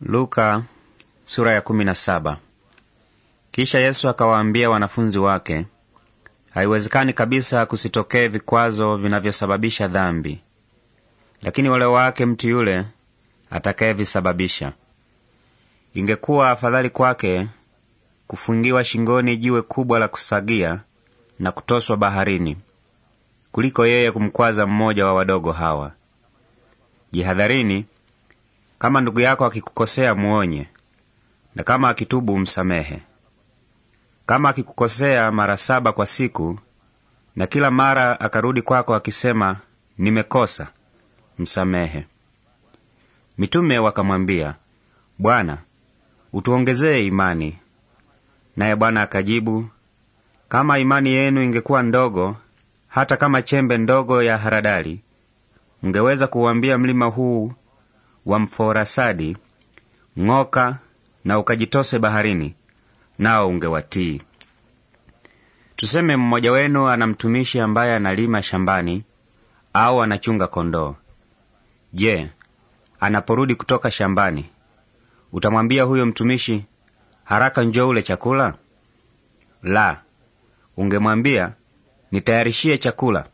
Luka, sura ya kumi na saba. Kisha Yesu akawaambia wanafunzi wake, haiwezekani kabisa kusitokee vikwazo vinavyosababisha dhambi, lakini ole wake mtu yule atakayevisababisha. Ingekuwa afadhali kwake kufungiwa shingoni jiwe kubwa la kusagia na kutoswa baharini kuliko yeye kumkwaza mmoja wa wadogo hawa. Jihadharini kama ndugu yako akikukosea, muonye, na kama akitubu, msamehe. Kama akikukosea mara saba kwa siku, na kila mara akarudi kwako akisema nimekosa, msamehe. Mitume wakamwambia, Bwana, utuongezee imani. Naye Bwana akajibu, kama imani yenu ingekuwa ndogo, hata kama chembe ndogo ya haradali, mngeweza kuuambia mlima huu wa Mforasadi, ng'oka na ukajitose baharini, nao ungewatii. Tuseme mmoja wenu ana mtumishi ambaye analima shambani au anachunga kondoo. Je, anaporudi kutoka shambani, utamwambia huyo mtumishi, haraka njoo ule chakula? La, ungemwambia, nitayarishie chakula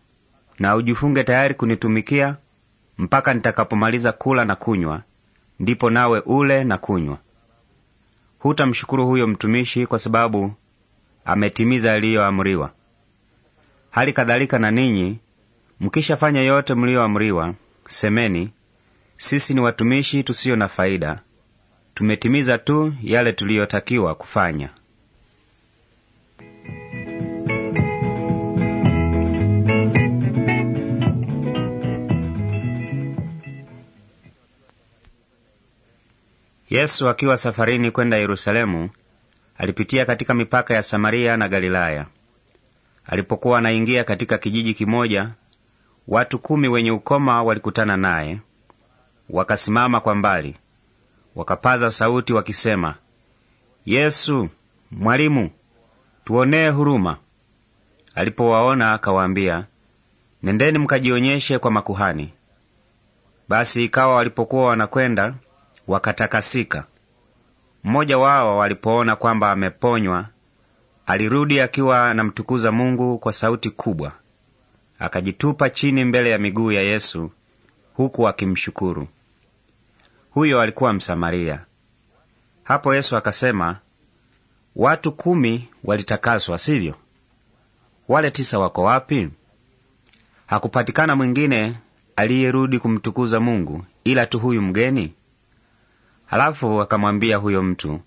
na ujifunge tayari kunitumikia mpaka nitakapomaliza kula na kunywa, ndipo nawe ule na kunywa. Hutamshukuru huyo mtumishi kwa sababu ametimiza yaliyoamriwa. Hali kadhalika na ninyi mkishafanya yote mliyoamriwa, semeni, sisi ni watumishi tusiyo na faida, tumetimiza tu yale tuliyotakiwa kufanya. Yesu akiwa safarini kwenda Yerusalemu, alipitia katika mipaka ya Samaria na Galilaya. Alipokuwa anaingia katika kijiji kimoja, watu kumi wenye ukoma walikutana naye, wakasimama kwa mbali, wakapaza sauti wakisema, Yesu Mwalimu, tuonee huruma. Alipowaona akawaambia, nendeni mkajionyeshe kwa makuhani. Basi ikawa walipokuwa wanakwenda wakatakasika. Mmoja wao walipoona kwamba ameponywa, alirudi akiwa anamtukuza Mungu kwa sauti kubwa, akajitupa chini mbele ya miguu ya Yesu huku akimshukuru. Huyo alikuwa Msamaria. Hapo Yesu akasema, watu kumi walitakaswa, sivyo? Wale tisa wako wapi? Hakupatikana mwingine aliyerudi kumtukuza Mungu ila tu huyu mgeni. Halafu akamwambia huyo mtu,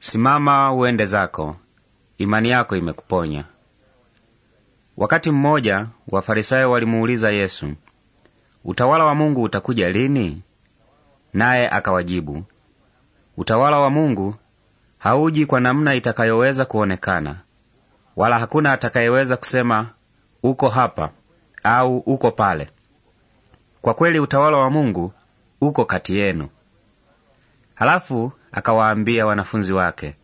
simama uende zako, imani yako imekuponya. Wakati mmoja Wafarisayo walimuuliza Yesu, utawala wa Mungu utakuja lini? Naye akawajibu, utawala wa Mungu hauji kwa namna itakayoweza kuonekana, wala hakuna atakayeweza kusema uko hapa au uko pale. Kwa kweli utawala wa Mungu uko kati yenu. Halafu akawaambia wanafunzi wake,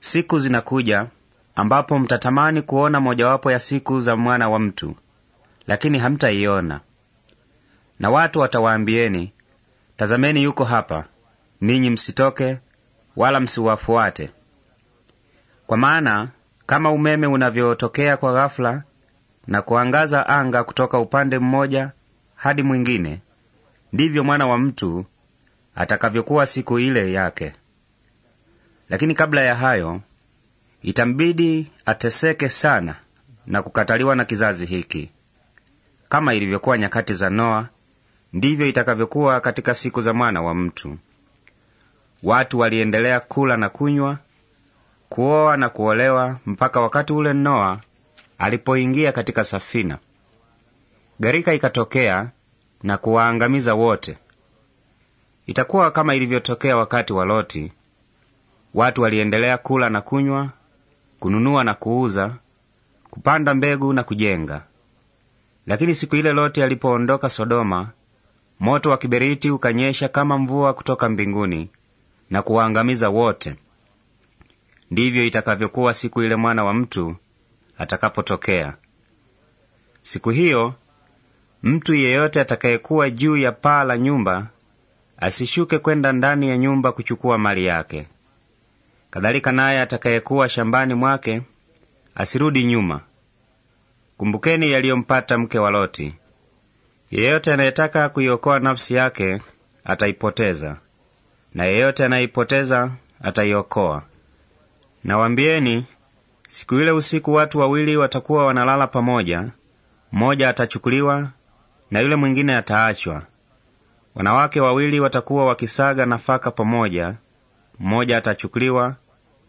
siku zinakuja ambapo mtatamani kuona mojawapo ya siku za mwana wa mtu, lakini hamtaiona. Na watu watawaambieni, tazameni, yuko hapa, ninyi msitoke wala msiwafuate. Kwa maana kama umeme unavyotokea kwa ghafula na kuangaza anga kutoka upande mmoja hadi mwingine, ndivyo mwana wa mtu atakavyokuwa siku ile yake. Lakini kabla ya hayo itambidi ateseke sana na kukataliwa na kizazi hiki. Kama ilivyokuwa nyakati za Noa, ndivyo itakavyokuwa katika siku za Mwana wa Mtu. Watu waliendelea kula na kunywa, kuoa na kuolewa, mpaka wakati ule Noa alipoingia katika safina. Gharika ikatokea na kuwaangamiza wote. Itakuwa kama ilivyotokea wakati wa Loti. Watu waliendelea kula na kunywa, kununua na kuuza, kupanda mbegu na kujenga. Lakini siku ile Loti alipoondoka Sodoma, moto wa kiberiti ukanyesha kama mvua kutoka mbinguni na kuwaangamiza wote. Ndivyo itakavyokuwa siku ile mwana wa mtu atakapotokea. Siku hiyo mtu yeyote atakayekuwa juu ya paa la nyumba asishuke kwenda ndani ya nyumba kuchukua mali yake. Kadhalika naye atakayekuwa shambani mwake asirudi nyuma. Kumbukeni yaliyompata mke wa Loti. Yeyote anayetaka kuiokoa nafsi yake ataipoteza, na yeyote anayeipoteza ataiokoa. Nawambieni, siku ile usiku watu wawili watakuwa wanalala pamoja, mmoja atachukuliwa na yule mwingine ataachwa. Wanawake wawili watakuwa wakisaga nafaka pamoja, mmoja atachukuliwa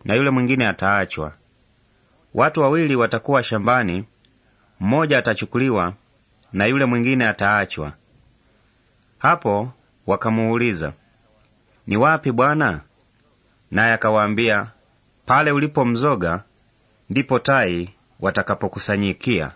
na yule mwingine ataachwa. Watu wawili watakuwa shambani, mmoja atachukuliwa na yule mwingine ataachwa. Hapo wakamuuliza, ni wapi Bwana? Naye akawaambia, pale ulipo mzoga ndipo tai watakapokusanyikia.